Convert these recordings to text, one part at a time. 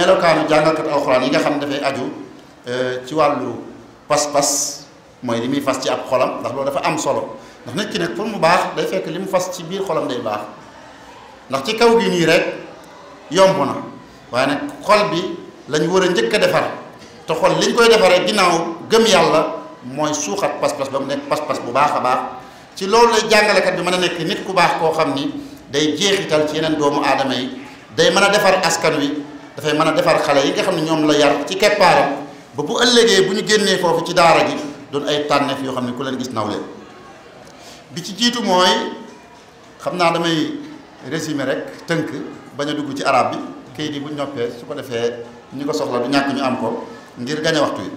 melokaanu jàngalkat alxuraan yi nga xam ne dafay aju euh, ci wàllu pas-pas mooy li muy fas ci ab xolam ndax loolu dafa am solo ndax nit ki nag pour mu baax day fekk li mu fas ci biir xolam day baax ndax ci kaw gi nii rek yomb na waaye nag xol bi lañu war a njëkk a defar te xol liñ koy defaree ginnaaw gëm yàlla mooy suuxat pas-pas ba mu nekk pas-pas bu baax a baax ci loolu lay jàngalekat bi mën a nekk nit ku baax koo xam ni day jeexital ci yeneen doomu aadama yi day mën a defar askan wi da fay a defar xalé yi nga xamni ñom la yar ci keppaaram ba bu ëllëgee bu ñu génnee foofu ci daara gi doon ay tanef yo xamni ku leen gis nawlé bi ci jitu moy xamna damay résumé rek teunk baña dugg ci arab bi kayit yi bu ñoppee su ko défé ñu ko soxla du ñak ñu am ko ngir gañé waxtu yi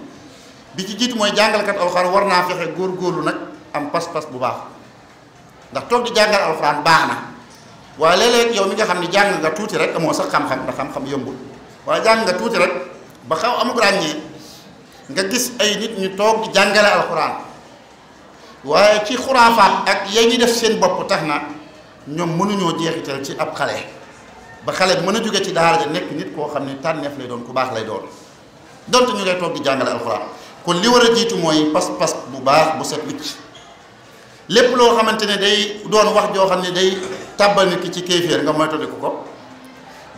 bi ci moy jangal kat alxuraan warna fexé gor gorlu nak am pass pass bu baax ndax tok di jangal alxuraan baax waaye léeg-léeg yow mi nga xam ne jàng nga tuuti rek amoo sax xam-xam ndax xam-xam yombul waaye jàng nga tuuti rek ba xaw amuk ràññee nga gis ay nit ñu toog di jàngale alxuraan waaye ci xuraafaat ak yéen ñi def seen bopp tax na ñoom mënuñoo jeexital ci ab xale ba xale mën a jóge ci daal ja nekk nit koo xam ne tànneef lay doon ku baax lay doon donte ñu ngay toog di jàngale alxuraan kon li war a jiitu mooy pas-pas bu baax mu set wicc lépp loo xamante ne day doon wax joo xam ne day. tàbbal nit ki ci kéeféer nga moytandiku ko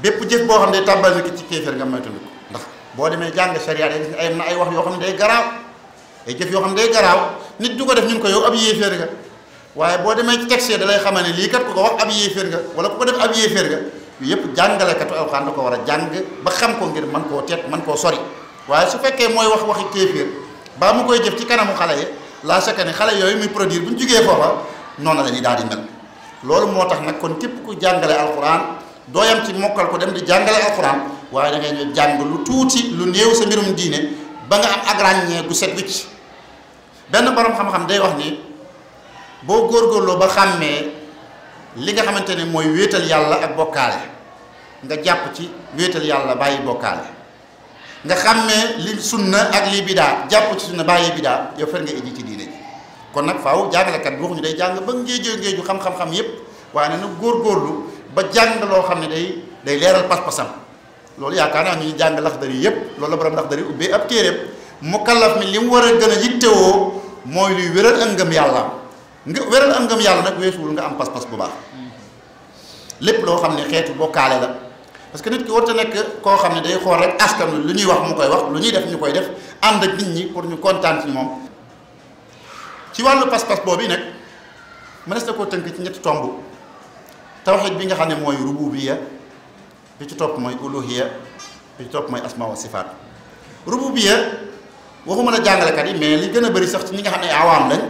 bépp jëf boo xam ne tàbbal nit ki ci kéeféer nga moytandiku ndax boo demee jàng sariya day gis ay wax yoo xam ne day garaaw ay jëf yoo xam ne day garaaw nit du ko def ñu ngi ko yow ab yéeféer nga waaye boo demee ci texte da lay xamal ne lii kat ko ko wax ab yéeféer nga wala ku ko def ab yéeféer nga yooyu yëpp jàngalekatu alxuraan da ko war a jàng ba xam ko ngir mën koo teet man koo sori waaye su fekkee mooy wax waxi kéeféer baa mu koy jëf ci kanamu xale yi laa sekka ne xale yooyu muy produire bu ñu jugee foofa noonu la ñuy daal di loolu moo tax nag kon képp ku jàngale alquran dooyam ci mokkal ko dem di jàngale alquran waaye da ngay ñëw jàng lu tuuti lu néew sa mbirum diine ba nga am ak ràññee gu set wicc benn boroom xam-xam day wax ni boo góorgóorloo ba xàmmee li nga xamante ne mooy wéetal yàlla ak bokkaale nga jàpp ci wéetal yàlla bàyyi bokkaale nga xàmmee li sunna ak li bidaa jàpp ci sunna bàyyi bidaa yow fer nga indi ci diine ji kon nag faaw jàngalekat bi waxuñu day jàng ba ngéejoo ngéeju xam-xam-xam yépp waaye ne góor góorgóorlu ba jàng loo xam ne day day leeral pas-pasam loolu yaakaar naa ñu jàng laxdar yi yépp loolu la borom laxdar yi ubbee ab téeréem mukallaf mi li mu war a gën a yittewoo mooy luy wéral ak ngëm yàlla nga wéral ak ngëm yàlla nag weesuwul nga am pas-pas bu baax lépp loo xam ne xeetu bokkaale la parce que nit ki warta nekk koo xam ne day xool rek askan lu ñuy wax mu koy wax lu ñuy def ñu koy def ànd ak nit ñi pour ñu kontaan ci moom ci wàllu pas-pas bi nag mënees na koo tënk ci ñetti tomb tawxid bi nga xam ne mooy rububiya bi ci topp mooy uluhiya bi ci topp mooy asma wa sifaat rububiya waxuma la jàngalekat yi mais li gën a bari sax ci ñi nga xam ne awaam lañ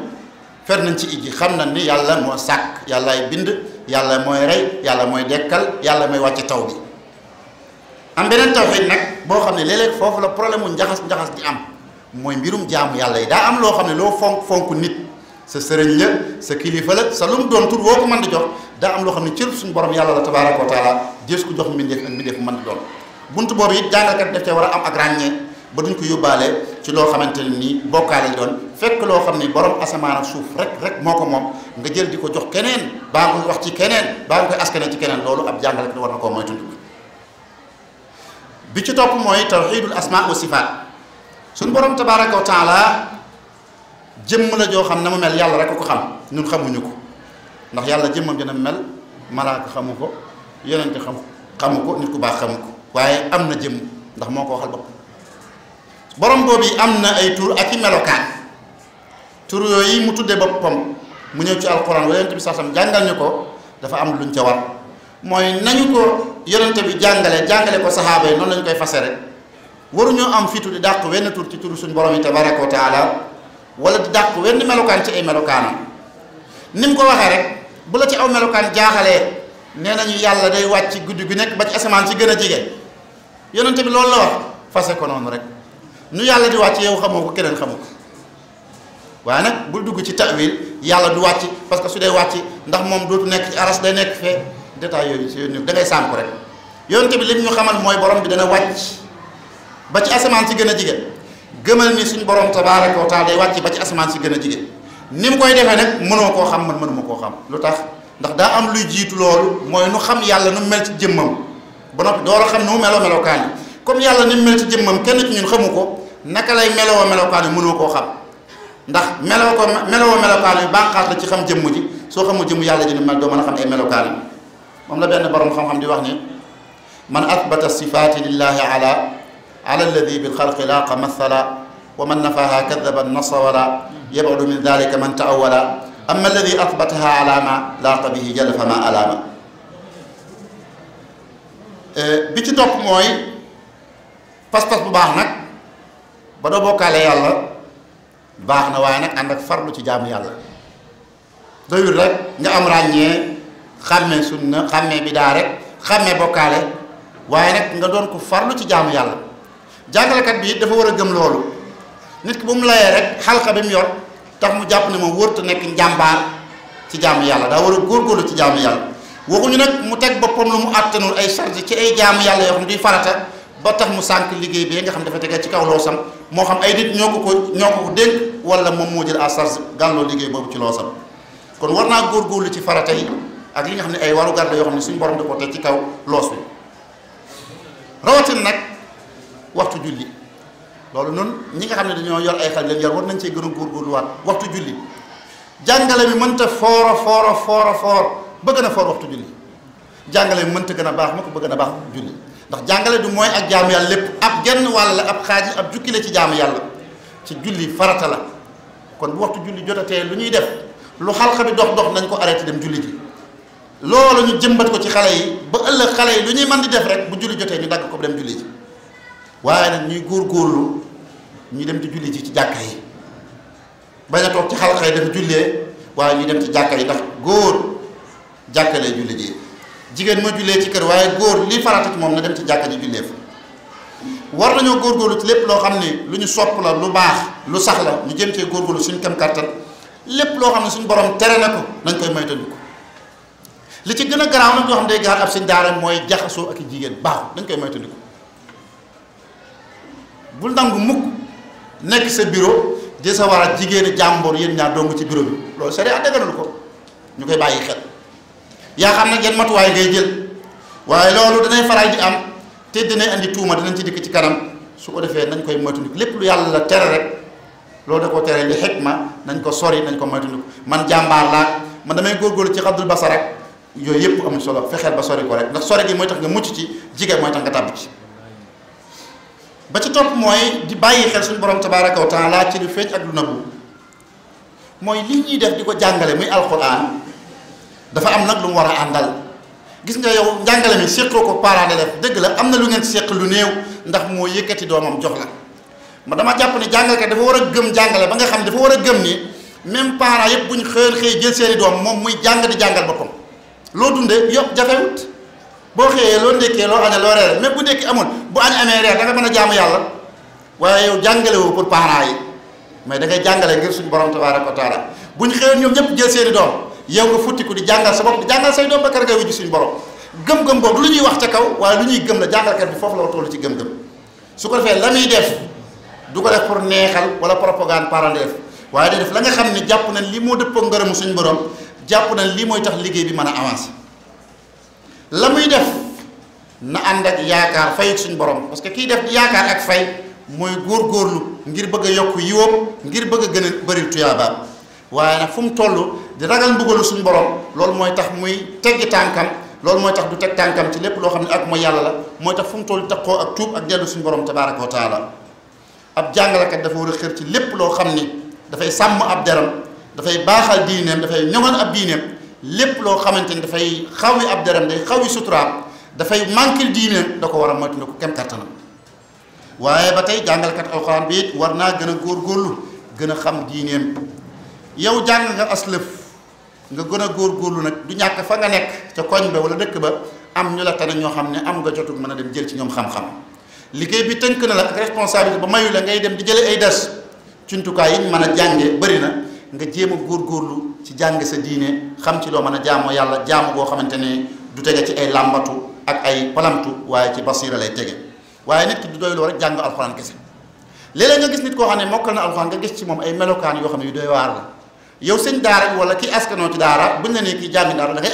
fer nañ ci igi xam na ni yàlla moo sàkk yàllaay bind yàlla mooy rey yàlla mooy dekkal yàlla mooy wàcce taw bi am beneen tawxid nag boo xam ne léeg foofu la problème mu njaxas njaxas di am mooy mbirum jaamu yàlla yi daa am loo xam ne loo fonk fonk nit sa sëriñ la sa kilifa la sa lu mu doon tur woo ko mën di jox daa am loo xam ne cër suñu borom yàlla la tabaaraka wa taala jës ko jox mbindeef ak mbindeef mën di doon buntu boobu it jàngalkat def te war a am ak ràññee ba ko yóbbaale ci loo xamante ne nii bokkaale doon fekk loo xam ne borom asamaan suuf rek rek moo ko moom nga jël di ko jox keneen baa nga wax ci keneen baa nga koy askane ci keneen loolu ab jàngale war na koo moytu bi ci topp mooy tawxiidul asmaa wa sifaat suñ borom tabaaraka wa taala jëmm la joo xam ne mu mel yàlla rek ko xam ñun xamuñu ko ndax yàlla jëmmam dina mel malaaka xamu ko yonente xam xamu ko nit ku baax xamu ko waaye am na jëmm ndax moo ko waxal bopp borom boobu am na ay tur ak i melokaan tur yooyu mu tuddee boppam mu ñëw ci alxuraan wa yonente bi sax tam jàngal ñu ko dafa am luñ ca war mooy nañu ko yonente bi jàngale jàngale ko saxaaba yi noonu lañu koy fase rek waruñoo am fitu di dàq wenn tur ci turu suñu borom yi tabaraka wa taala wala di dàq wenn melokaan ci ay melokaanam ni mu ko waxee rek bu la ci aw melokaan jaaxalee nee nañu yàlla day wàcc guddi gu nekk ba ci asamaan si gën a jege yonente bi loolu la wax fase ko noonu rek nu yàlla di wàcc yow xamoo ko keneen xamu ko waaye nag bul dugg ci tawil yàlla du wàcc parce que su dee wàcc ndax moom dootu nekk ci aras day nekk fee détail yooyu si yónni da ngay sànku rek yonente bi lim ñu xamal mooy borom bi dana wàcc ba ci asamaan si gën a jigéen gëmal ni suñ borom tabaaraka wa taala day wàcc ba ci asamaan si gën a jigéen ni mu koy defee nag mënoo koo xam man mënuma koo xam lu tax ndax daa am luy jiitu loolu mooy nu xam yàlla nu mel ci jëmmam ba noppi door a xam nu mu meloo melokaan comme yàlla ni mel ci jëmmam kenn ci ñun xamu naka lay meloo melokaan yi mënoo koo xam ndax meloo ko meloo melokaan yi bànqaat la ci xam jëmm ji soo xamul jëmm yàlla ji mel doo mën xam ay melokaan yi moom la benn borom xam-xam di wax ni man asbata sifaati lillahi ala على الذي بالخلق لاقى مثلا ومن نفاها كذب النصولا يبعد من ذلك من تأولا أما الذي أثبتها علامة لاقى به جلف ما ألاما بيتي توك موي فاس فاس بو باخ نك با دو بوكال يالا باخ نا واي اندك فارلو سي جام يالا دوي رك نيا ام راغني خامي سنه خامي بدا رك خامي بوكال واي نك nga don ko farlu ci jamu yalla jàngalekat bi dafa war a gëm loolu nit ki bu mu layee rek xalqa bi mu yor tax mu jàpp ne moom wërta nekk njàmbaar ci jaamu yàlla daa war a góorgóorlu ci jaamu yàlla ñu nag mu teg boppam lu mu àttanul ay charge ci ay jaamu yàlla yoo xam duy ba tax mu sànk liggéey bi nga xam dafa tege ci kaw loosam moo xam ay nit ñoo ko ko ñoo ko ko dénk moom moo jël à charge liggéey boobu ci loosam kon war naa góor góorgóorlu ci farata yi ak li nga xam ne ay warugar la yoo xam ne suñu borom da ko teg ci kaw loos bi rawatin nag waxtu julli loolu noonu ñi nga xam ne dañoo yor ay xel leen yor war nañ cee gën a góorgóorluwaat julli jàngale bi mënta foora foora foora foor ba gën a foor waxtu julli jàngale bi mënta gën a baax ma ko ba a baax julli ndax jàngale du mooy ak jaamu yàlla lépp ab genn wàll ab xaaj ab jukki la ci jaamu yàlla ci julli farata la kon bu waxtu julli jotatee lu ñuy def lu xalxa bi dox dox nañ ko arrêté dem julli ji loolu ñu jëmbat ko ci xale yi ba ëllëg xale yi lu ñuy mën di def rek bu julli jotee ñu dagg ko dem julli ji waaye nag ñuy góorlu ñu dem ci julli ji ci jàkka yi bañ a toog ci xalxa yi dafa jullee waaye ñuy dem ci jàkkar yi ndax góor jàkka lay julli ji jigéen ma jullee ci kër waaye góor li farata ci moom nga dem ci jàkka ji jullee fa war nañoo góorgóorlu ci lépp loo xam ne lu ñu sopp la lu baax lu sax la ñu jëm góor góorgóorlu suñ kam kàttan lépp loo xam ne suñu borom tere na ko nañ koy moytandiku li ci gën a garaaw ma ñoo xam ne day gaar ab seen daara mooy jaxasoo ak i jigéen baaxul dañ koy moytandiku bul nangu mukk nekk sa bureau di sa war a jigéen jàmbur yéen ñaar dong ci biro bi loolu sariya dëgganul ko ñu koy bàyyi xel yaa xam ne yan matuwaay ngay jël waaye loolu danay faral di am te dinay andi tuuma dinañ ci dikk ci kanam su ko defee nañ koy moytandiku lépp lu yàlla tere rek loolu da ko tere li ma nañ ko sori nañ ko moytandiku man jàmbaar laa man damay góorgóorlu ci xabdul basarak yooyu yëpp amul solo fexeel ba sori ko rek ndax sori gi tax nga mucc ci jigéen mooy nga tàbb ci ba ci topp mooy di bàyyi xel suñu borom tabaraka wa taala ci lu feeñ ak lu nëbbu mooy lii ñuy def di ko jàngale muy alquran dafa am nag lu mu war a àndal gis nga yow jàngale mi séqoo ko parent d'élève dëgg la am na lu ngeen séq lu néew ndax moo yëkkati doomam jox la ma dama jàpp ne jàngalekat dafa war a gëm jàngale ba nga xam ne dafa war a gëm ni même parent yëpp bu ñu xëy xëy jël seeni doom moom muy jàng di jàngal boppam loo dunde yokk jafewut boo xëyee loo ndékkee loo añee loo reere même bu ndékki amul bu añ amee reer da mën a jaamu yàlla waaye yow jàngale woo pour parents yi mais da ngay jàngale ngir suñu borom tabaaraka wa taala bu ñu xëyoon ñoom ñëpp jël seeni doom yow nga futtiku di jàngal sa bopp di jàngal say doom ba kër ngay wujj suñu borom gëm-gëm boobu lu ñuy wax ca kaw waaye lu ñuy gëm la jàngalkat bi foofu la war toll ci gëm-gëm su ko defee la muy def du ko def pour neexal wala propagande parallèle waaye day def la nga xam ne jàpp nañ li moo dëppoo ngërëmu suñu borom jàpp nañ li mooy tax liggéey bi mën a avancer la muy def na ànd ak yaakaar fay suñ borom parce que kii def yaakaar ak fay mooy góor góorgóorlu ngir bëgg a yokk yiwam ngir bëgg gën a bëri tuyaabaam waaye nag fu mu toll di ragal mbugalu suñ borom loolu mooy tax muy teggi tànkam loolu mooy tax du teg tànkam ci lépp loo xam ne ak mooy yàlla la mooy tax fu mu toll takkoo ak tuub ak dellu suñu borom tabaaraka wa taala ab jàngalekat dafa war a xër ci lépp loo xam ni dafay sàmm ab deram dafay baaxal diineem dafay ñoŋal ab diineem lépp loo xamante ni dafay xaw yi ab deram day xaw yi suturaam dafay manquil diine da ko war a moytu ko kem kattanam waaye ba tey jàngalkat alxuraan bi it war naa gën a góor góorgóorlu gën a xam diineem yow jàng nga aslëf nga gën a góor góorgóorlu nag du ñàkk fa nga nekk ca koñ ba wala dëkk ba am ñu la tane ñoo xam ne am nga jotul mën a dem jël ci ñoom xam-xam liggéey bi tënk na la ak responsabilité ba mayu la ngay dem di jële ay des cuntukaay yi ñu mën a jàngee bëri na nga jéem góor góorgóorlu ci jàng sa diine xam ci loo mën a jaamoo yàlla jaamu boo xamante ne du tege ci ay làmbatu ak ay palamtu waaye ci basiira lay tege waaye nit ki du doyloo rek jàng alxuraan kese léeg-léeg nga gis nit koo xam ne moom ay melokaan yoo xam ne yu doy waar la yow sëñ daara wala kii askanoo ci daara buñ la nee kii jàng daara lii li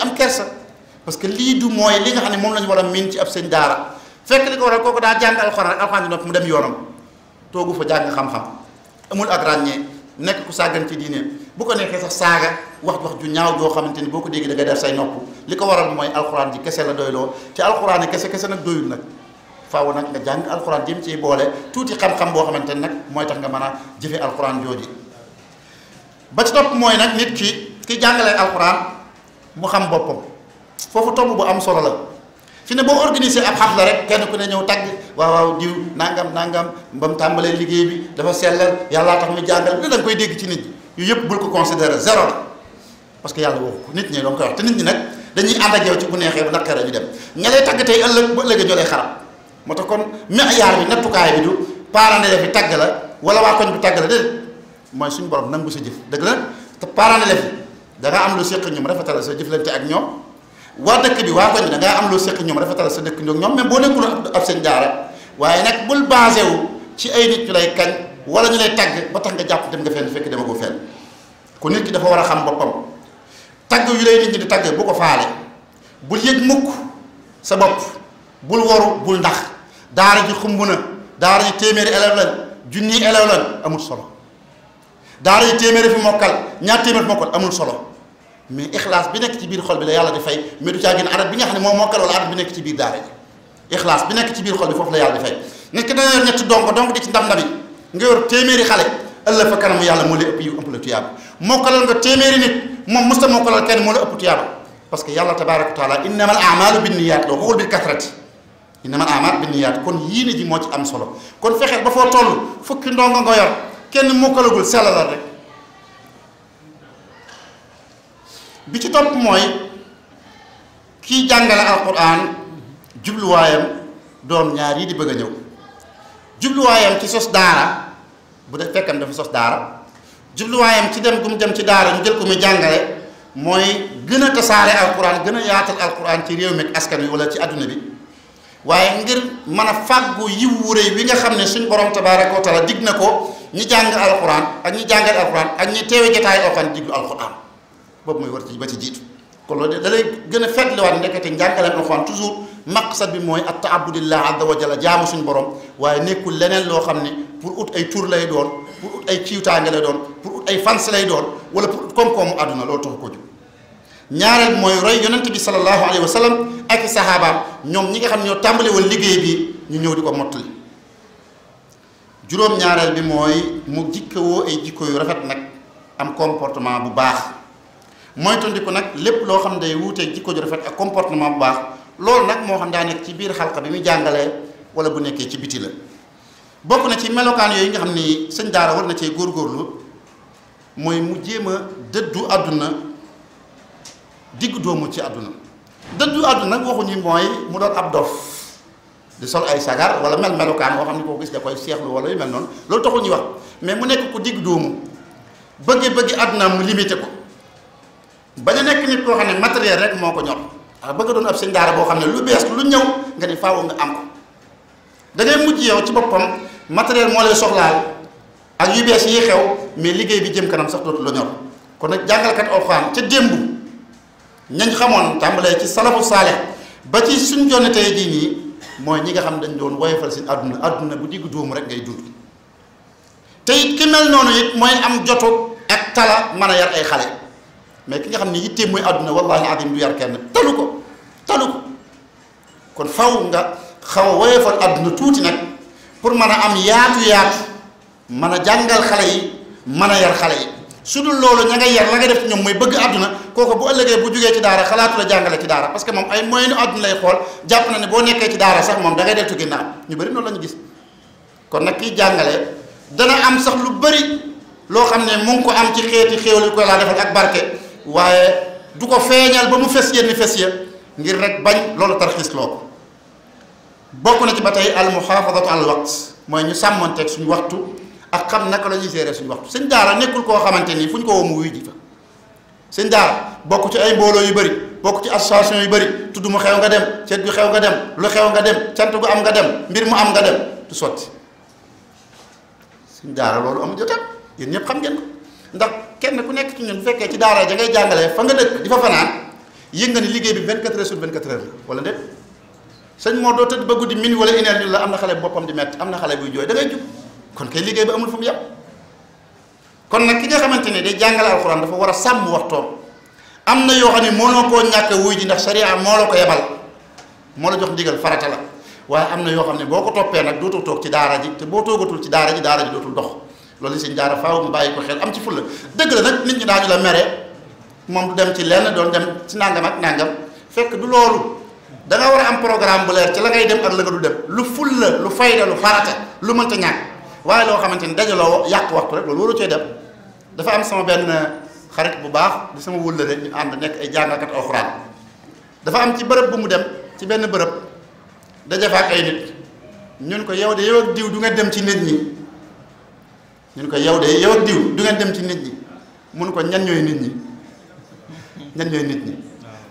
nga xam ne moom lañu war a miin ci ab sëñ daara fekk li ko waral kooku daa jàng alxuraan rek alxuraan di noppi mu dem yoonam toogu fa jàng xam-xam amul ak ràññee nekk ku sàggan ci diine bu ko nekkee sax saaga wax wax ju ñaaw joo xamante ni boo ko déggee da nga def say nopp li ko waral mooy alxuraan ji kese la doyloo te alxuraan kese kese nag doyul nag faaw nag nga jàng alxuraan jëm ci boole tuuti xam boo xamante ni nag mooy tax nga mën a jëfe alxuraan jooji ba ci topp mooy nag nit ki ki jàngalee alxuraan mu xam boppam foofu tomb bu am solo la. fi ne boo organisé ab xafla rek kenn ku ne ñëw tagg waaw waaw diw nangam nangam ba mu tàmbalee liggéey bi dafa sellal yàllaa tax mu jàngal ne da nga koy dégg ci nit yëpp bul ko considéré zéro la parce que yàlla nit ñi doon koy wax te nit nag dañuy ànd ak yow ci bu neexee bu dem nga lay tagg tey jolee xarab moo tax kon maiyaar bi nattukaay bi du parent bi tagg la wala waa koñ bi tagg la déedéet mooy suñu borom nangu sa jëf dëgg la te parent d'élève da nga am lu séq ñoom rafetal sa jëflante ak ñoom waa dëkk bi waa koñ bi da ngaa am loo séq ñoom rafetal sa dëkk ñoom ñoom même boo nekkul ab seen daara waaye nag bul basé wu ci ay nit ñu lay kañ wala ñu lay tagg ba tax nga jàpp dem nga fenn fekk dama ko fenn ku nit ki dafa war a xam boppam tagg yu lay nit ñi di tagg bu ko faale bul yëg mukk sa bopp bul waru bul ndax daara ji xumb na daara ji téeméeri élève lañ junni élève lañ amul solo daara ji téeméeri fi mokkal ñaar téeméer fi mokkal amul solo mais ikhlas bi nek ci bir xol bi la yàlla di fay mais du caa gën arab bi nga xam ne moom mokkal arab bi nekk ci biir daara ji ixlaas bi nekk ci biir xol bi foofu la yàlla di fay nit ki dana yor ñetti donk di ci ndam ndami nga yor téeméeri xale ëllëg fa kanamu yàlla moo lay ëpp yu ëpp la tuyaaba mokkalal nga téeméeri nit moom musta mokkalal kenn moo la ëpp tuyaaba parce que yàlla tabaraka taala innama al amalu binniyaat loo waxul bil kasrati innama al amal binniyaat kon yii ne ji ci am solo kon fexeel ba foo toll fukki ndongo nga yor kenn mokkalagul sellalal rek bi ci topp mooy kiy jàngale alquran jubluwaayam doom ñaar yi di bëgg a ñëw jubluwaayam ci sos daara bu dee fekkam dafa sos daara jubluwaayam ci dem gu mu dem ci daara ñu jël ko mu jàngale mooy gën a tasaare alquran gën a yaatal alquran ci réew mi ak askan wi wala ci àdduna bi waaye ngir mën a fàggu yiw wu rëy bi nga xam ne suñ borom tabaaraka wa taala dig na ko ñi jàng alquran ak ñi jàngal alquran ak ñi teewe jataay alquran diglu alquran boobu mooy war ci ba ci jiitu kon loolu da lay gën a fetliwaat nekkete njàngaleem alxuraan toujours maqsad bi mooy at taabudillah azza wa jalla jaamu suñu borom waaye nekkul leneen loo xam ne pour ut ay tur lay doon pour ut ay ciwtaange lay doon pour ut ay fans lay doon wala pour ut koom-koomu àdduna loolu taxu ko jóg ñaareel mooy roy yonent bi sallallahu alayhi wa sallam ak i saxaabaam ñoom ñi nga xam ne ñoo tàmbale woon liggéey bi ñu ñëw di ko mottali juróom ñaareel bi mooy mu jikkawoo ay jikko yu rafet nag am comportement bu baax moytandiku nag lépp loo xam ne day wuuteeg jikko ju rafet ak comportement bu baax loolu nag moo xam daa nekk ci biir xalqa bi muy jàngalee wala bu nekkee ci biti la bokk na ci melokaan yooyu nga xam ni sëñ daara war na cee góorgóorlu mooy mu jéem a dëddu àdduna digg doomu ci àdduna dëddu àdduna nag waxuñu mooy mu doon ab dof di sol ay sagar wala mel melokaan moo xam ni koo gis da koy seexlu wala yu mel noonu loolu taxul ñuy wax mais mu nekk ko digg doomu bëgge bëgge àdduna mu limité ko bañ a nekk nit koo xam ne matériel rek moo ko ñor ndax bëgg doon ab sëñ daara boo xam ne lu bees lu ñëw nga ne faaw nga am ko da mujj yow ci boppam matériel moo lay soxlaal ak yu bees yi xew mais liggéey bi jëm kanam sax dootu la kon nag jàngalkat alxuraan ca démb ñañ xamoon tàmbalee ci salafu saale ba ci suñ jonne tey jii nii mooy ñi nga xam dañ doon woyofal si àdduna àdduna bu diggu dóomu rek ngay dund te it ki mel noonu it mooy am jotu ak tala mën a yar ay xale mais ki nga xam ne yittee mooy àdduna wallahi adim du yar kenn talu ko talu ko kon faw nga xaw a woyofal àdduna tuuti nag pour mën a am yaatu-yaatu man a jàngal xale yi mën a yar xale yi su dul loolu ña nga yar la nga def ci ñoom mooy bëgg àdduna kooku bu ëllëgee bu jugee ci daara xalaatu jàngale ci daara parce que moom ay moyenu àdduna lay xool jàpp na ne boo nekkee ci daara sax moom da ngay deltu ginnaaw ñu bëri noonu la ñu gis kon nag kiy jàngale dana am sax lu bëri loo xam ne mu ko am ci xeeti xéewal yu ko ak barke waaye du ko feeñal ba mu fes yenn fes ya ngir rek bañ loolu tarxiis loo ko bokk na ci ba tey al muhaafadatu al waqt mooy ñu sàmmanteeg suñu waxtu ak xam naka la ñuy gérer suñu sëñ daara nekkul koo xamante nii fu ñu ko woo mu wuy ji fa sëñ daara bokk ci ay mbooloo yu bëri bokk ci association yu bëri tudd mu xew nga dem ceet gu xew nga dem lu xew nga dem cant gu am nga dem mbir mu am nga dem du sotti sëñ daara loolu amul jotam yéen ñëpp xam ngeen ko ndax kenn ku nekk ci ñun bu fekkee ci daara ja ngay jàngalee fa nga dëkk di fa fanaan yëg nga ni liggéey bi 24 heures sur 24 heures la wala déet sëñ moo doo tëdd ba guddi min wala une heure ñu la am na xale boppam di métti am na xale buy jooy da jub kon kay liggéey bi amul fu mu kon nag ki nga xamante ne day jàngale alxuraan dafa war a sàmm waxtoom am na yoo xam ne moo koo ñàkk wuy ji ndax sariya moo la ko yebal moo la jox ndigal farata la waaye am na yoo xam ne boo ko toppee nag dootoo toog ci daara ji te boo ci daara ji daara ji dootul loolu sëñ a faaw mu bàyyi ko xel am ci fulla dëgg la nag nit ñi daañu la mere moom du dem ci lenn doon dem ci nangam ak nangam fekk du loolu da war a am programme bu leer ci la ngay dem ak la nga du dem lu fulla lu fayda lu farata lu mënta ñàkk waaye loo xamante ni dajaloo yàq waxtu rek loolu waru cee dem dafa am sama benn xarit bu baax di sama wëllëre ñu ànd nekk ay jàngalkat alxuraan dafa am ci bërëb bu mu dem ci benn bërëb dajafa ay nit ñun ko yow de yow ak du nga dem ci nit ñi ñu ko yow de yow diw du ngeen dem ci nit ñi mun ko ñan ñooy nit ñi ñan ñooy nit ñi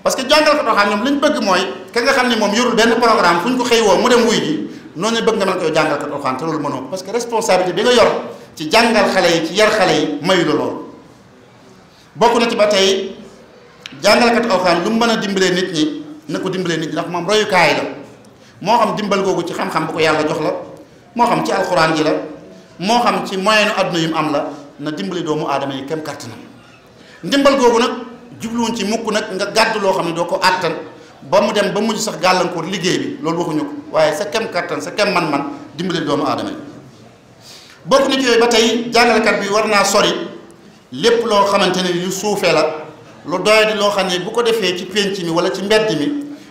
parce que jàngal ko doxaan ñoom li bëgg mooy ka nga xam ne moom yorul benn programme fu ñu ko xëy woo mu dem wuy ji noonu la bëgg nga mën koy jàngal ko doxaan te loolu mënoo parce responsabilité bi nga yor ci jàngal xale yi ci yar xale yi mayu la bokk na ci ba tey jàngalkat awxaan lu mu mën a dimbalee nit ñi na ko dimbalee nit ñi ndax moom royukaay la moo xam dimbal googu ci xam yàlla jox la moo xam ci alxuraan ji la moo xam ci moyen nu adduna mu am la na dimbali doomu aadama yi kem kàttanam ndimbal googu nag jubluwuñ ci mukk nag nga gàddu loo xam ne doo ko àttan ba mu dem ba mujj sax gàllankoor liggéey bi loolu waxuñu ko waaye sa kem kàttan sa kem man-man dimbali doomu aadama yi bokk na ci ba tey jàngalekat bi war naa sori lépp loo xamante ne yu suufee la lu doy loo xam ne bu ko defee ci pénc mi wala ci mbedd mi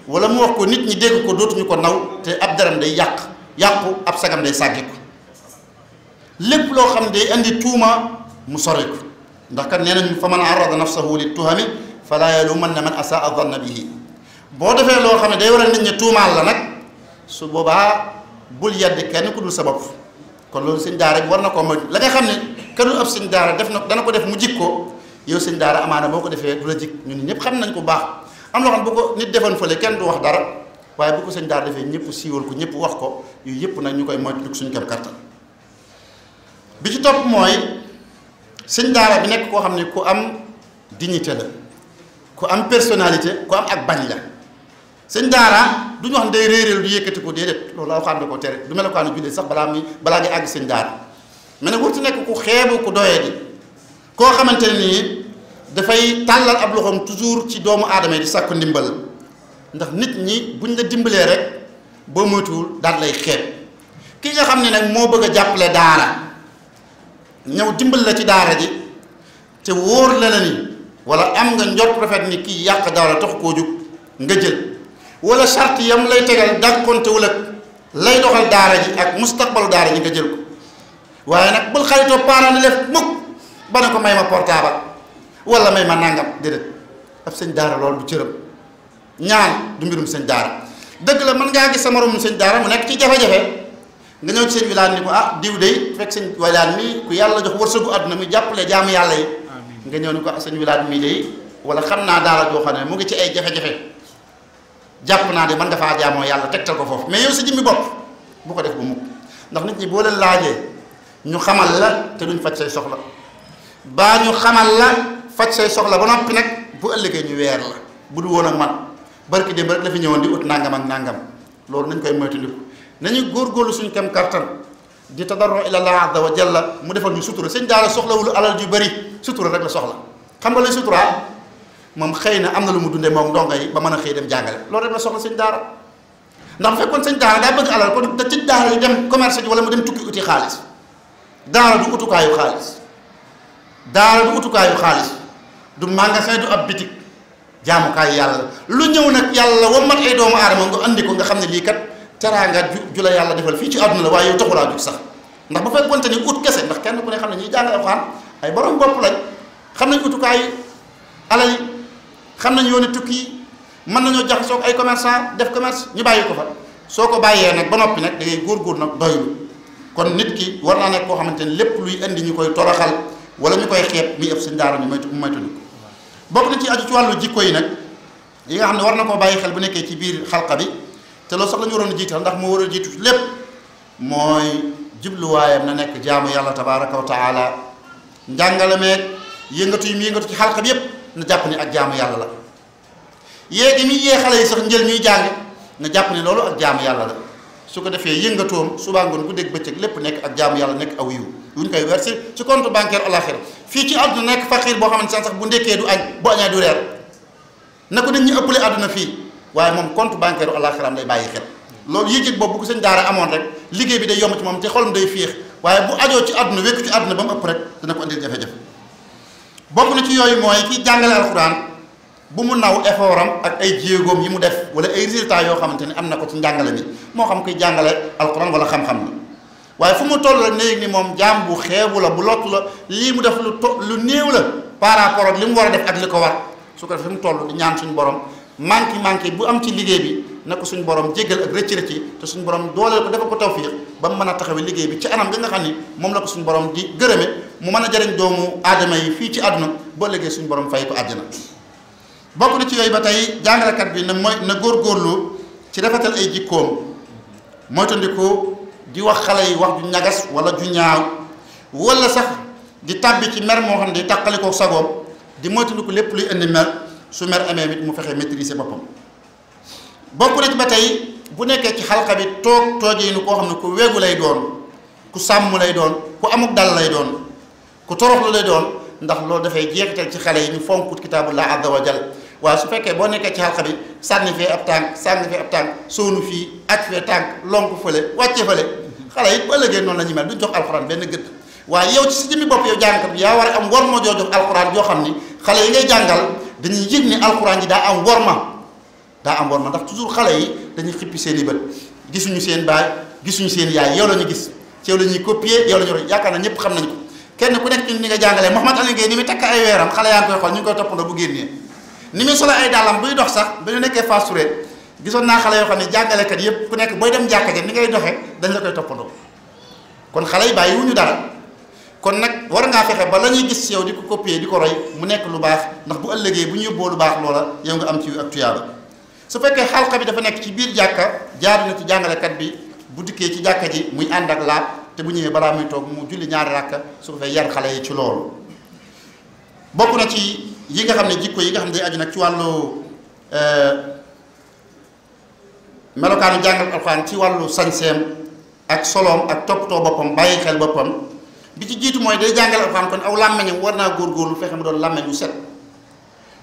wala mu wax ko nit ñi dégg ko dootuñu ko naw te ab daram day yàq yàqu ab sagam day لب لو خمدي عندي توما مصرك ذكر نين فمن عرض نفسه للتهم فلا يلومن من أساء الظن به بعد في لو خمدي ولا نين توما لناك سبوبا بول يد كان كل سبب كل سن دار ورنا كم لكن خمدي كل أب سن دار دف نك دنا كده مجيكو يو سن دار أمانة بوك دف بولجيك نين نب خمدي نكو باخ أم لو خمدي بوك نيد دفن فلكن دو دار waye bu ko señ daal defé ñepp siiwul yu yépp nak ñukoy moy luk suñu kër bi ci topp mooy sëñ daara bi nekk koo xam ne ku am dignité la ku am personnalité ku am ak bañ la sëñ daara du ñu wax ne day réeréel du yëkkati ko déedéet loolu alxuraan da ko tere du melokaanu jullit sax balaa muy balaa ngay àgg sëñ daara mais nag warut nekk ku xeebu ku doyee di koo xamante ne nii dafay tàllal ab loxoom toujours ci doomu aadama yi di sàkk ndimbal ndax nit ñi buñ la dimbalee rek boo moytuwul daal lay xeeb ki nga xam ne nag moo bëgg a jàppale daara. ñëw dimbal la ci daara ji te wóor la la ni wala am nga njort rafet ni kii yàq daara tax koo jóg nga jël walla charte yam lay tegal dàkkontewul ak lay doxal daara ji ak mustaqbalu daara ji nga jël ko waaye nag bul xaritoo parent ni def mukk ba ne ko may ma portable wala may ma nàngam déedéet ab sëñ daara loolu bu cëram ñaan du mbirum sëñ daara dëgg la mën ngaa gis sa moroom sëñ daara mu nekk ci jafe-jafe nga ñëw ci sëñ wilaan ni ko ah diw de fekk sëñ wilaan mi ku yàlla jox sa wërsëgu àdduna mi jàppale jaamu yàlla yi nga ñëw ni ko ah sëñ wilaan mi de wala xam naa daara joo xam ne mu ngi ci ay jafe-jafe jàpp naa de man dafaa jaamoo yàlla tegtal ko foofu mais yow sa jëmmi bopp bu ko def bu mu ndax nit ñi boo leen laajee ñu xamal la te duñ faj say soxla ba ñu xamal la faj say soxla ba noppi nag bu ëllëgee ñu weer la bu du woon ak man barki démb rek la fi ñëwoon di ut nangam loolu nañ koy moytandiku nañu góorgóorlu suñ kem kartan di tadarro ila allah azza wa jalla mu defal ñu sutura sëñ daara soxlawul alal ju bari sutura rek la soxla xam nga lay sutura moom xëy na am na lu mu dundee moom ndongo yi ba mën a xëy dem jàngale loolu rek la soxla sëñ daara ndax bu fekkoon sëñ daara daa bëgg alal kon da ci daara yu dem commerce ji wala mu dem tukki uti xaalis daara du utukaayu xaalis daara du utukaayu xaalis du magasin du ab bitik jaamukaay yàlla lu ñëw nag yàlla wamat ay doomu aadama nga andi nga xam ne lii kat teraanga ju ju la yàlla defal fii ci àdduna la waaye yow taxulaa jug sax ndax ba fekkonte ni ut kese ndax kenn ku ne xam ne ñuy jàngale alxuraan ay borom bopp lañ xam nañ utukaayu alal yi xam nañ yooni tukki mën nañoo jaxasoo ak ay commerçant def commerce ñu bàyyi ko fa soo bàyyee nag ba noppi nag da góorgóor nag doylu kon nit ki war naa nekk xamante ni lépp luy indi ñu koy toroxal wala ñu koy xeeb mi ëpp si daara mi moytu moytu ni na ci aju ci wàllu jikko yi nag yi nga xam ne war na koo bàyyi xel bu nekkee ci biir xalqa bi te loolu sax la ñu waroon a jiital ndax moo war a jiitu lépp mooy jubluwaayam na nekk jaamu yàlla tabaraka wa taala njàngale meeg yëngatu yi mu yëngatu ci xalqa bi yépp na jàpp ni ak jaamu yàlla la yéegi mi yee xale yi sax njël ñuy jàng na jàpp ni loolu ak jaamu yàlla la su ko defee yëngatoom subaa ngoon bu dégg bëccëg lépp nekk ak jaamu yàlla nekk aw yiw yu ñu koy versé ci compte bancaire alaxira fii ci àdduna nekk faqiir boo xamante ne sax bu ndekkee du añ bu añaa du reer na ko dañ ñu ëppale àdduna fii waaye mom compte bancaire Allah àllaaxiraam lay bàyyi xel loolu yëg-yëg boobu ko sëñ daara amoon rek liggéey bi day yomb ci moom te xolam day féex waaye bu ajoo ci àdduna wékku ci àdduna ba mu ëpp rek dana ko indil jafe-jafe bokk na ci yooyu mooy ki jàngale alxuraan bu mu naw effort am ak ay jéegoom yi mu def wala ay résultats yoo xamante amna am na ko ci njàngale mi moo xam koy jàngale alxuraan wala xam-xam la waaye fu mu toll rek néeg ni moom jaam bu la bu lottu la lii mu def lu lu néew la par rapport ak li mu def ak li ko war su ko def fi mu toll ñaan suñu borom manqué manqué bu am ci liggéey bi na ko suñ borom jéggal ak rëcc rëcc te suñ borom dooleel ko dafa ko tawfiix ba mu mën a taxawee liggéey bi ci anam gi nga xam ni moom la ko suñ borom di gërëme mu mën a jariñ doomu aadama yi fii ci àdduna boo liggéey suñ borom fay ko àddina bokk na ci yooyu ba tey jàngalekat bi na mooy na góorgóorlu ci rafetal ay jikkoom moytandiku di wax xale yi wax ju ñagas wala ju ñaaw wala sax di tàbbi ci mer moo xam ne di tàqali ko sagoom di moytandiku lépp luy indi mer sumer mer amee mu fexe maîtriser bopam bokku na ci ba bu nekké ci xalqa bi tok toogeenu koo xam ne ku wéegu lay doon ku sàmm lay doon ku amuk dal lay doon ku torox lay doon ndax loolu dafay jeexital ci xale ñu fonku kitabullah azza wa jal waaye su fekke bo nekké ci xalqa bi sànni fi ab tànk sànni fi ab tànk sonu fi ak fi tànk lonku fële wàcce fële xale yi ba legge non lañu mel duñ jox alxuraan ben gëdd wa yow ci si jëmmi bopp yow jàngkat ya war am war mo jox alxuraan jo xamni xale yi ngay jàngal dañuy yëg ni alxuraan ji daa am worma daa am worma ndax toujours xale yi dañuy xippi seen i bët gisuñu seen baay gisuñu seen yaay yow la ñu gis ci yow la ñuy copier yow la ñu roy yaakaar na ñëpp xam nañu kenn ku nekk nga jàngalee Mouhamad Alioune Guèye ni muy takk ay weeram xale yaa ngi koy xool ñu ngi koy toppandoo bu génnee ni muy solo ay dàllam buy dox sax ba ñu nekkee Fass gisoon naa xale yoo xam ne jàngalekat yëpp ku nekk booy dem jàkka ja ni ngay doxee dañ la koy toppandoo kon xale yi bàyyi wuñu dara kon nag war ngaa fexe ba la ñuy gis yow di ko copier di ko roy mu nekk lu baax ndax bu ëllëgee bu ñu yóbboo lu baax loola yow nga am ci ak tuyaaba su fekkee xalqa bi dafa nekk ci biir jàkka jaar ci jàngalekat bi bu dikkee ci jàkka ji muy ànd ak te bu ñëwee balaa muy toog mu julli ñaari ràkka su ko fee ci loolu. bokk na ci yi nga xam ne jikko yi nga xam ne day aju nag ci wàllu eh, melokaanu jàngal alxuraan ci wàllu sañseem ak soloom ak toppatoo boppam bàyyi xel boppam. bi ci jiitu mooy day jàngal alxuraan kon aw làmmeñam war naa góorgóorlu fexe mu doon làmmeñ wu set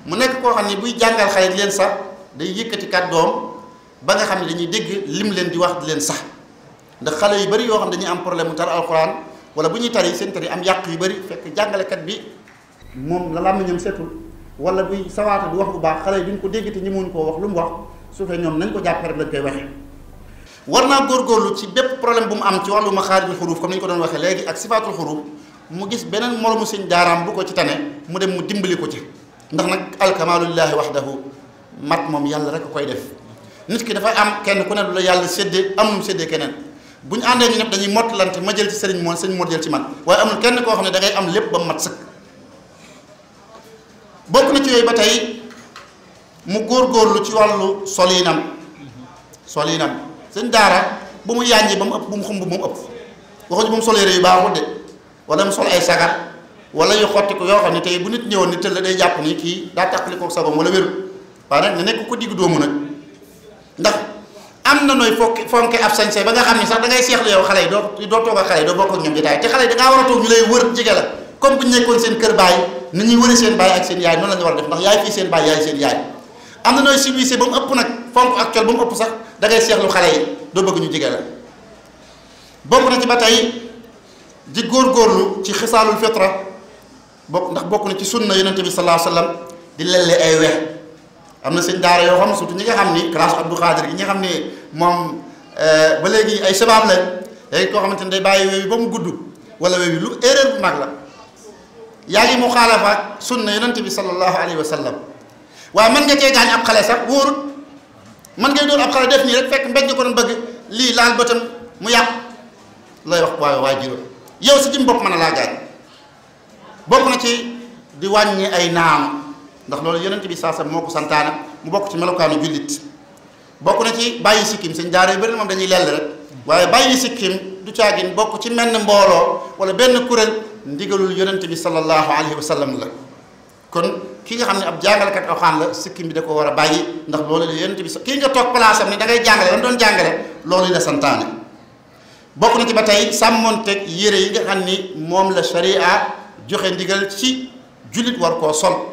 mu nekk koo xam ne buy jàngal xale di leen sax day yëkkati doom ba nga xam ne dañuy dégg lim leen di wax di leen sax ndax xale yu bari yoo xam ne dañuy am problème mu tar alxuraan wala bu ñuy tari seen tari am yàq yu bari fekk jàngalekat bi moom la làmmeñam setul wala buy sawaata du wax bu baax xale yi duñ ko dégg te ñi mun koo wax lu mu wax su fekkee ñoom nañ ko jàpp rek lañ war naa góorgóorlu ci bépp problème bu mu am ci wàllu maxaarijul xuruuf comme ni ñu ko doon waxee léegi ak sifaatul xuruuf mu gis beneen moromu sëñ daaraam bu ko ci tane mu dem mu dimbali ko ci ndax nag alkamaalullaahi waxdahu mat moom yàlla rek koy def nit ki dafa am kenn ku ne lu la yàlla séddee amum séddee keneen bu ñu àndee ñu ñëpp dañuy mottalante ma jël ci sëriñ moom sëñ moo jël ci man waaye amul kenn koo xam ne da ngay am lépp ba mat sëkk bokk na ci yooyu ba tey mu góorgóorlu ci wàllu soliinam soliinam seen daara bu mu yànji ba mu ëpp bu mu xumb ba mu ëpp waxuñu bu mu solee yu baaxul de wala mu sol ay sagar wala yu xotti ko yoo xam ne tey bu nit ñëwoon ni tëll la day jàpp ni kii daa tàqali ko sabam nekk ko digg doomu na da ngay seexlu yow xale yi doo doo toog ak xale yi doo bokk ak ñoom jotaay te da a toog ñu lay wër jege la comme bu ñu nekkoon seen kër baay ni ñuy a def na nooy civilisé ba mu ëpp nag fonk ak col ba mu ëpp sax da ngay lu xale yi do bëgg ñu jigeela la bokk na ci batay di gor gorlu ci khisalul fitra bok ndax bokk na ci sunna yenenbi sallallahu alayhi wasallam di lelle ay wex amna na seen daara yo xam suñu ñi nga xam ni classe Abdou Khadir gi ñi nga xam mom euh ba léegi ay sabaab lañ léegi ko xamanteni day bàyyi wewi ba mu gudd wala wewi lu erreur bu mag la yaa mu khalafa sunna yenenbi sallallahu alayhi wasallam wa man nga cee gañ ab xale sax worut man ngay doon ab xale def nii rek fekk mbéj ko doon bëgg lii laal bëtam mu yàq lay wax waaye waa juróom yow si jëm bopp mën a laa gaañ bokk na ci di wàññi ay naam ndax loolu yonent bi saasam moo ko santaane mu bokk ci melokaanu jullit bokk na ci bàyyi sikkim seen daara yu bëri moom dañuy lell rek waaye bàyyi sikkim du caagin bokk ci menn mbooloo wala benn kuréel ndigalul yonent bi sallallahu alayhi wa la kon ki nga xam ne ab jàngalekat alxuraan la sikkim bi da ko war a bàyyi ndax loolu la yonent bi kii nga toog place am ne da ngay jàngale lan doon jàngale loolu la santaane bokk na ci ba tey sàmmonteg yére yi nga xam ni moom la sharia joxe ndigal ci jullit war koo sol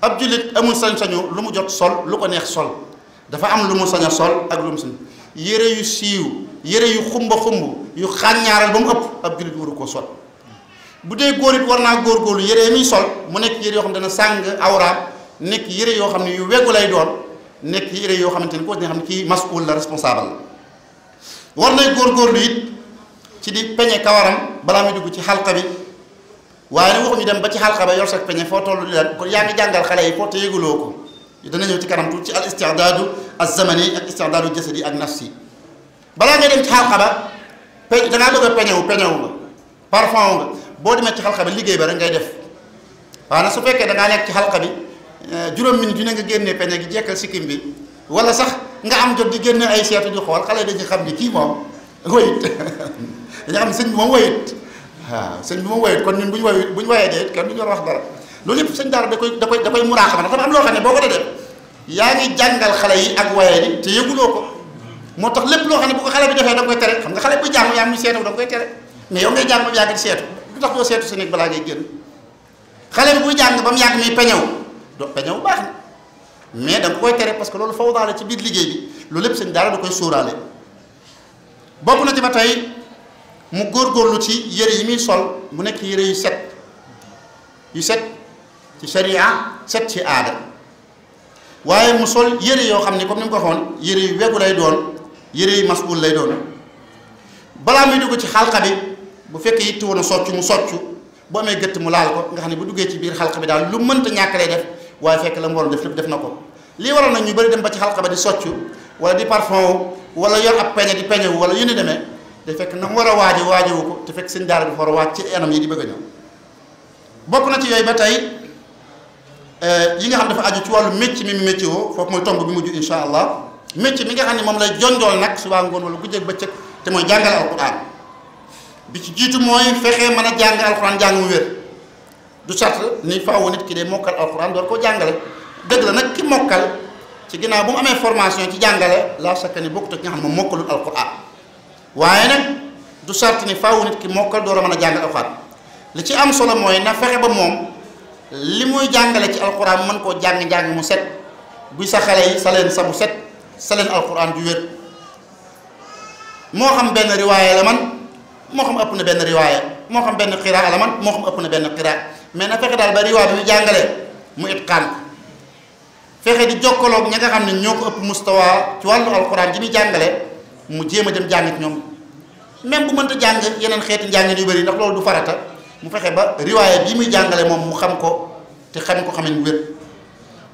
ab jullit amul sañ-sañu lu mu jot sol lu ko neex sol dafa am lu mu sañ a sol ak lu mu sañ yére yu siiw yére yu xumba xumb yu xàññaaral ba mu ëpp ab jullit waru koo sol bu dee góor it war naa góorgóorlu yére yi muy sol mu nekk yére yoo xam ne dana sàng awraam nekk yére yoo xam ne yu weggu lay doon nekk yére yoo xamante ni ko dina xam ne kii mas'uul la responsable la war nay góorgóorlu it ci di peñe kawaram balaa muy dugg ci xalqa bi waaye nag waxuñu dem ba ci xalqa ba yor sa peñe foo tollu di daal kon yaa ngi jàngal xale yi foo te yëguloo ko dana ñëw ci kanam tuuti ci al istidaadu az zamani ak istidaadu jasadi ak nafsi balaa ngay dem ci xalqa ba dangaa bëgg a peñewu peñewu nga boo demee ci xalqa bi liggéey ba rek ngay def waaw nag su fekkee dangaa ngaa nekk ci xalqa bi eh, juróom minute yu ne nga génnee peñe gi jekkal sikkim bi wala sax nga am jot di génne ay seetu di xool xale dañu xam ni kii moom wayit dañu xam ne sëñ bi moom wayit waaw sëñ bi moom wayit kon bu ñu way bu kenn du ñu wax dara loolu yëpp sëñ da koy da koy da koy muraaxama dafa am loo xam ne boo ko dee def yaa ngi jàngal xale yi ak waye ni te yëguloo ko moo tax lépp loo xam ne bu ko xale bi koy tere xam xale bu jàng yaa am ñu seetu yow ngay jàng yàgg di seetu tax doo seetu sa néeg balaa ngay génn xale bi buy jàng ba mu yàgg muy peñew do peñew baax na mais da nga koy tere parce que loolu fawda la ci biir liggéey bi loolu lépp sëñ daara da koy sóoraale bokk na ci ba tey mu góorgóorlu ci yëre yi muy sol mu nekk yëre yu set yu set ci sharia set ci aada waaye mu sol yëre yoo xam ne comme ni mu ko waxoon yëre yu wegu lay doon yëre yi masul lay doon balaa muy dugg ci xalqa bi bu fekkee yitti woon a socc mu socc bu amee gëtt mu laal ko nga xam ne bu duggee ci biir xalq bi daal lu mënta ñàkk lay def waaye fekk la mu waroon def lépp def na ko lii waroon nag ñu bëri dem ba ci xalq ba di socc wala di parfum wala yor ab peñe di peñe wala yu ni da fekk na mu war a waaje waajewu te fekk seen daara bi war a waaj ci anam yi di bëgg a ñëw bokk na ci yooyu ba tey eh, yi nga xam dafa aju ci wàllu métier mi mu métier woo foofu mooy tomb bi mujj insha allah métier mi nga xam ne moom lay jonjool nag subaa ngoon wala guddeeg bëccëg te mooy jàngale alquran bi ci jiitu mooy fexe mën a jàng alxuraan jàng mu wér du sart ni faaw nit ki day mokkal alxuraan door koo jàngale dëgg la nag ki mokkal ci ginnaaw bu mu amee formation ci jàngale laa sakka ni bokkut ak nga xam ne moom mokkalul alxuraan waaye nag du sart ni faaw nit ki mokkal door a mën a jàngal alxuraan li ci am solo mooy na fexe ba moom li muy jàngale ci alxuraan mën koo jàng jàng mu set buy sa xale yi sa leen sa bu set sa leen alxuraan ju wér moo xam benn moo xam ëpp na benn riwaaya moo xam benn xiraa la man moo xam ëpp na benn xiraa mais na fexe daal ba riwaay bi mu jàngalee di jokkaloog nga xam ne ñoo ko ëpp ci wàllu alquran ji muy jàngale mu jéem a dem jàng ñoom même bu mënta jàng yeneen xeeti njàngin yu bëri ndax loolu du farata mu fexe ba riwaaya bi muy jàngale moom mu xam ko te xam ko xameñ wér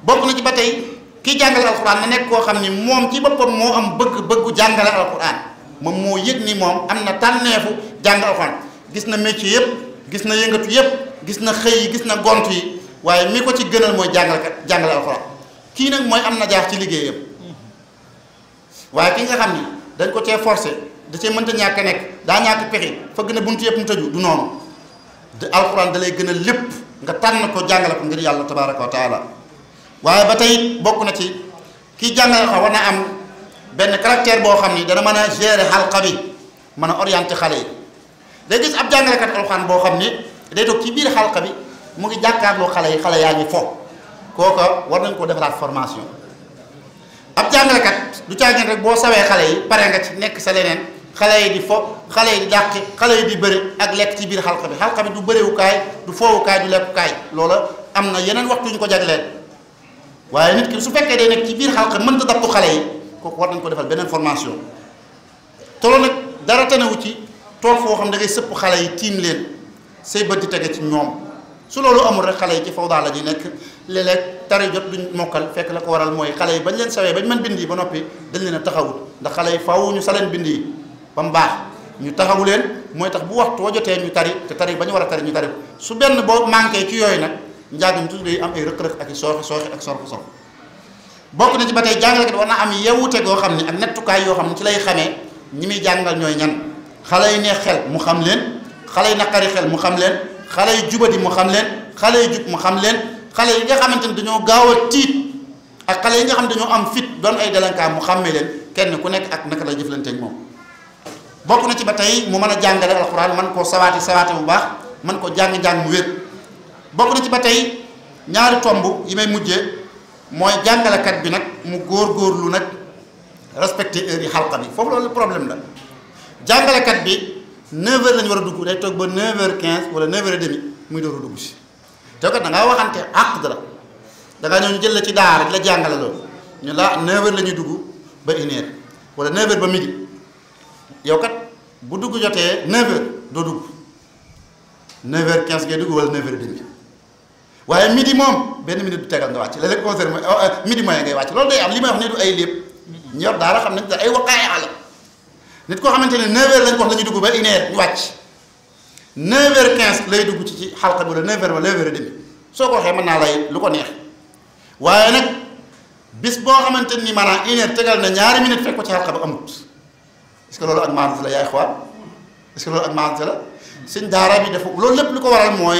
bokk na ci ba tey kii jàngale alquran na nekk koo xam ni moom ci boppam moo am bëgg-bëggu jàngale alquran moom moo yëg ni moom am na tànneefu jàng alxuraan gis na métier yëpp gis na yëngatu yëpp gis na xëy yi gis na gont yi waaye mi ko ci gënal mooy jàngal jàngale alxuraan kii nag mooy am na jaax ci liggéeyam waaye ki nga xam ni dañ ko cee forcé da cee mënta ñàkk a nekk daa ñàkk pexe fëgg na buntu yëpp mu tëju du noonu de alxuraan dalay lay gën a lépp nga tànn ko jàngale ko ngir yàlla tabaaraka wa waaye ba tey bokk na ci kii jàngale ko war na am. benn caractère boo xam ni dana mën a gérer xalqa mën a orienté xale yi day gis ab jàngalekat alxuraan boo xam ni day toog ci biir xalqa mu ngi jàkkaarloo xale yi xale yaa ngi fo kooka war nañ koo defaraat formation ab jàngalekat du caagin rek boo sawee xale yi pare nga ci nekk sa leneen xale yi di fo xale yi di dàqi xale yi di bëri ak lekk ci biir xalqa bi xalqa du bëriwukaay du foowukaay du lekkukaay loola am na yeneen waxtu ñu ko jagleel waaye su fekkee day ci biir xalqa mënta daptu xale yi kooku war nañ ko defal beneen formation te loolu nag dara tanewu ci tool foo xam da ngay sëpp xale yi tiim leen say bët di tege ci ñoom su loolu amul rek xale yi ci fawda la di nekk léeg-léeg tari jot duñ mokkal fekk la ko waral mooy xale yi bañ leen sawee bañ mën bind yi ba noppi dañ leen a taxawut ndax xale yi faaw ñu saleen bind yi ba mu baax ñu taxawu leen mooy tax bu waxtu wa jotee ñu tari te tari ba ñu war a tari ñu tari su benn boo manqué ci yooyu nag njàngam toujours day am ay rëq-rëq ak i sooxi sooxi bokk na ci ba tey jàngalekat war na am yewute goo xam ne ak nettukaay yoo xam ne ci lay xame ñi muy jàngal ñooy ñan xale yu neex xel mu xam leen xale yi naqari xel mu xam leen xale yu jubadi mu xam leen xale yu jub mu xam leen xale yi nga xamante ne dañoo gaaw a tiit ak xale yi nga xam ne dañoo am fit doon ay dalankaa mu xàmmee leen kenn ku nekk ak naka la jëflanteeg moom bokk na ci ba tey mu mën a jàngale alxuraan man koo sawaate sawaate bu baax man koo jàng-jàng mu wér bokk na ci ba tey ñaari tomb yi may mujjee mooy jàngalekat bi nag mu góor góorgóorlu nag respecté heure yi xalqa bi foofu loolu problème la jàngalekat bi 9h lañu war a dugg day toog ba 9 quinze 15 wala 9h30 muy door a dugg si te kat da ngaa waxante àq dara da ngaa ñëw ñu jël la ci daara di la jàngale loolu ñu la 9h la ñuy dugg ba une heure wala 9h ba midi yow kat bu dugg jotee 9 doo dugg 9h15 dugg wala 9h30. waye minimum ben minute du tegal nga wàcc la leen concert mooy midi mooy ngay wàcc lolou day am limay wax ni du ay lépp ñor dara daara xam nañ te ay waqaay ala nit ko xamanteni 9h lañ ko wax lañu ñu dugg ba 1h ñu wàcc 9h15 lay dugg ci ci bu 9h ba 9h30 soko ko man na lay lu ko neex waye nak bis bo xamanteni mana 1h tegal na ñaari minute fekk ko ci xalqa bu amut est-ce que loolu ak maandu yaay xwa est-ce que loolu ak maandu la dara bi def lolou lépp li ko waral moy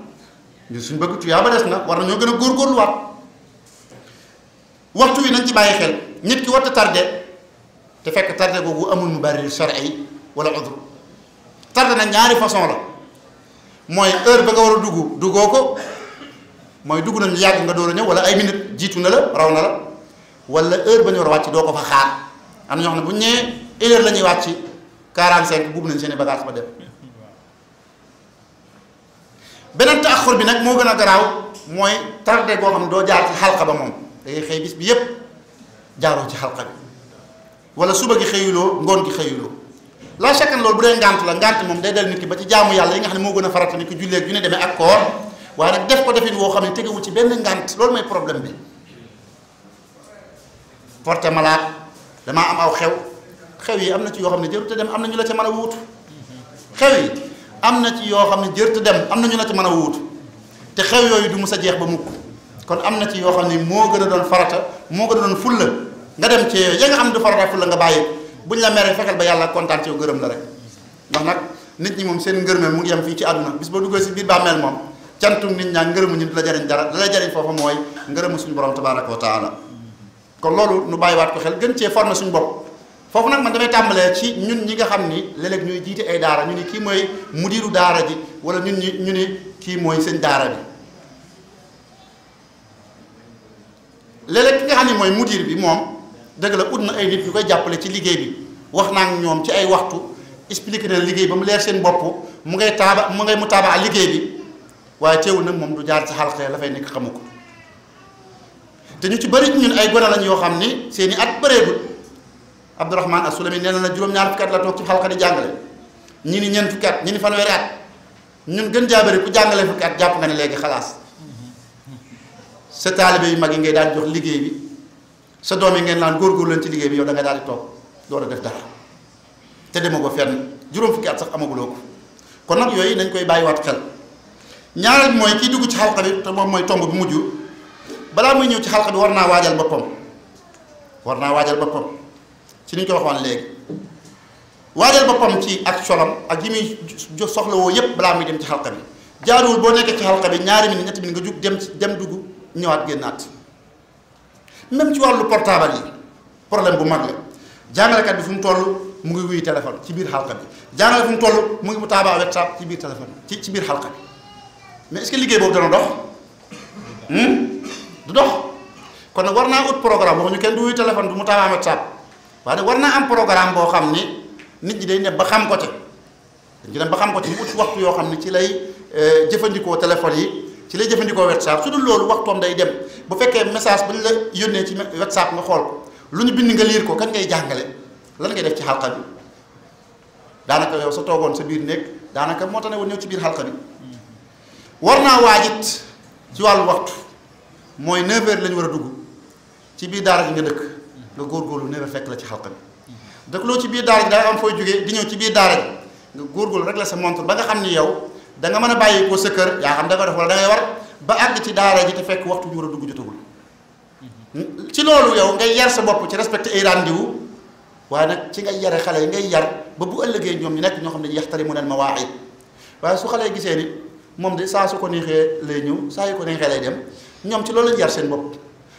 ñun suñ bëgg tuyaaba des na war na ñoo gën a góorgóorluwaat waxtu wi nañ ci bàyyi xel nit ki war a te fekk tardé googu amul mu bari shar'i wala udr tardé na ñaari façon la mooy heure ba nga war a dugg duggoo ko mooy dugg nañu yàgg nga door a ñëw wala ay minute jiitu na la raw na la wala heure ba ñu war a wàcc doo ko fa xaar am na ñoo xam ne bu ñu ñëwee heure la ñuy wàcc 45 buub nañ seen i bagage ba dem. beneen taaxur bi nag moo gën a garaaw mooy tardé boo xam ne doo jaar ci xalqa ba moom dangay xëy bis bi yépp jaaroo ci xalqa bi wala suba gi xëyuloo ngoon gi xëyuloo laa chakan loolu bu dee ngant la ngant moom day del nit ki ba ci jaamu yàlla yi nga xam ne moo gën a farata ni ko julleeg ju ne demee ak koor waaye nag def ko defin woo xam ne tegewul ci benn ngant loolu mooy problème bi porté malade damaa am aw xew xew yi am na ci yoo xam ne jëru te dem am na la ca mën a wuutu am na ci yoo xam ne jërta dem am na ñu la ci mën a wuutu te xew yooyu du mus a jeex ba mukk kon am na ci yoo xam ne moo gën a doon farata moo gën a doon fulla nga dem ci ya nga xam du farata fulla nga bàyyi buñ la mere fexeel ba yàlla kontaan ci yow gërëm la rek ndax nag nit ñi moom seen ngërme mu ngi yem fii ci àdduna bis ba duggee si biir bàmmeel moom cantum nit ñaa ngërëmu ñu du la jariñ dara da la jariñ foofa mooy ngërëmu suñu borom tabaraka wa taala kon loolu nu bàyyiwaat ko xel gën cee former suñu bopp foofu nag man damay tàmbalee ci ñun ñi nga xam ni léeg-léeg ñuy jiite ay daara ñu ni kii mooy mudiru daara ji wala ñun ñi ñu ni kii mooy sëñ daara bi léeg ki nga xam ni mooy mudir bi moom dëgg la ut na ay nit ñu koy jàppale ci liggéey bi wax naa ñoom ci ay waxtu expliqué na liggéey ba mu leer seen bopp mu ngay taaba mu ngay mu taaba liggéey bi waaye teewul nag moom du jaar ci xalqee la fay nekk xamu ko te ñu ci bari ñun ay gone lañ yoo xam ni seeni at bëreegul abdourahman asulami nee na juróom ñaar fukki la tok ci xalqa di jàngale ñi ni ñen fukki ñi ni fanweeri at ñun gën jaabari ku jangale fukki japp nga ne léegi xalaas sa talibé yi magi ngay daal jox liggéey bi sa doomi ngeen laan gor gor leen ci liggéey bi yow da nga daal di tok door a def dara te demagoo fenn juróom fukki sax amaguloo ko kon nak yoy nañ koy wat xel ñaareel bi mooy dugg ci xalqa bi te moom mooy tomb bu mujj muy ñew ci xalqa bi waajal boppam war waajal ci li ñu ko léegi waajal boppam ci ak solam ak yi muy woo yépp balaa muy dem ci xalqa bi jaaruwul boo nekkee ci xalqa bi ñaari minute ñetti minute nga jug dem dem dugg ñëwaat génnaat même ci wàllu portaabal yi problème bu mag la jàngalekat bi fu mu toll mu ngi wuy téléphone ci biir xalqa bi jàngale fu mu toll mu ngi mu taabaa whatsapp ci biir téléphone ci ci biir xalqa bi mais est-ce liggéey boobu dana dox hmm? du dox kon nag war naa ut programme waxuñu kenn du wuy téléphone du waaye nag war naa am programme boo xam ni nit ñi day dem ba xam ko ci dañ ci dem ba xam ko ci mu ut waxtu yoo xam ne ci lay euh, jëfandikoo téléphone yi ci lay jëfandikoo whatsapp su dul loolu waxtoom day dem bu fekkee message bu ñu la yónnee ci whatsapp nga xool ko lu ñu bind nga liir ko kan ngay jàngale lan ngay def ci xalqa bi daanaka yow sa toogoon sa biir néeg daanaka moo tax ne woon ñëw ci biir xalqa war naa waajit ci wàllu waxtu mooy 9 heures la war a dugg ci biir daara ji nga dëkk góor góorgóorlu ne la fekk la ci xalqa bi dëkk loo ci biir daara ji da am fooy jógee di ñëw ci biir daara ji nga góorgóorlu rek la sa montre ba nga xam ni yow da mën a bàyyi ko sa kër yaa xam da nga def wala da ngay war ba àgg ci daara ji te fekk waxtu bi war a dugg jotagul hmm? ci loolu yow ngay yar sa bopp ci respecté ay rendez-vous waaye nag ci ngay yare xale yi ngay yar ba bu ëllëgee ñoom ñu nekk ñoo xam ne yaxtarimuuna al-mawaa'iid waaye su xale yi gisee ni moom de saa su ko neexee lay ñëw saa yu ko neexee lay dem ñoom ci loolu lañ seen bopp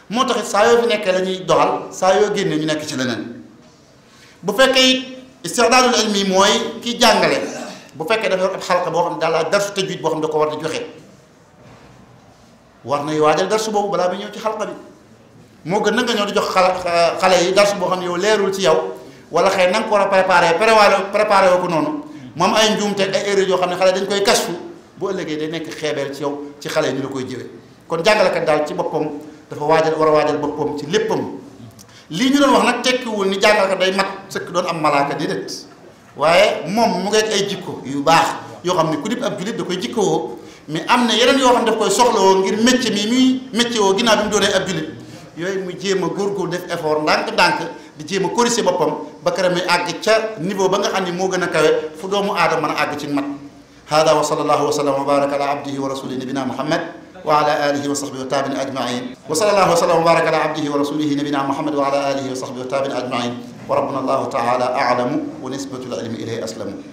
moo taxit saa yoo fi nekkee lañuy ñuy doxal saa yoo génnee ñu nekk ci leneen bu fekkee it istixdaadul ilmi mooy ki jàngale bu fekkee dafa yor ab xalqa boo xam ne daal darsu tajwid boo xam ne da ko war di joxe war nay waajal darsu boobu balaa ba ñëw ci xalqa moo gën na nga di jox xala xale yi darsu boo xam ne yow leerul ci yow wala xëy na nga ko war a préparé préparé woo ko noonu moom ay njuumte ay erreur yoo xam ne xale dañ koy kastu bu ëllëgee day nekk xeebeel ci yow ci xale yi ñu la koy jëwee kon jàngalekat daal ci boppam dafa waajal war a waajal boppam ci léppam lii ñu doon wax nag tekkiwul ni jàngal ko day mat sëkk doon am malaaka déedéet waaye moom mu ngi ay jikko yu baax yoo xam ne ku dib ab jullit da koy jikkowoo mais am na yeneen yoo xam ne daf koy soxlawoo ngir métier mi muy métier woo ginnaaw bi mu doonee ab jullit yooyu mu jéem góor góorgóorlu def effort ndànk-ndànk di jéem a corriger boppam ba keroog muy àgg ca niveau ba nga xam ne moo gën a kawe fu doomu aadama mën a àgg ci mat hada wa sallallahu wa sallam wa baraka ala abdihi wa rasuli nabina muhammad وعلى آله وصحبه والتابعين أجمعين وصلى الله وسلم وبارك على عبده ورسوله نبينا محمد وعلى آله وصحبه والتابعين أجمعين وربنا الله تعالى أعلم ونسبة العلم إليه أسلم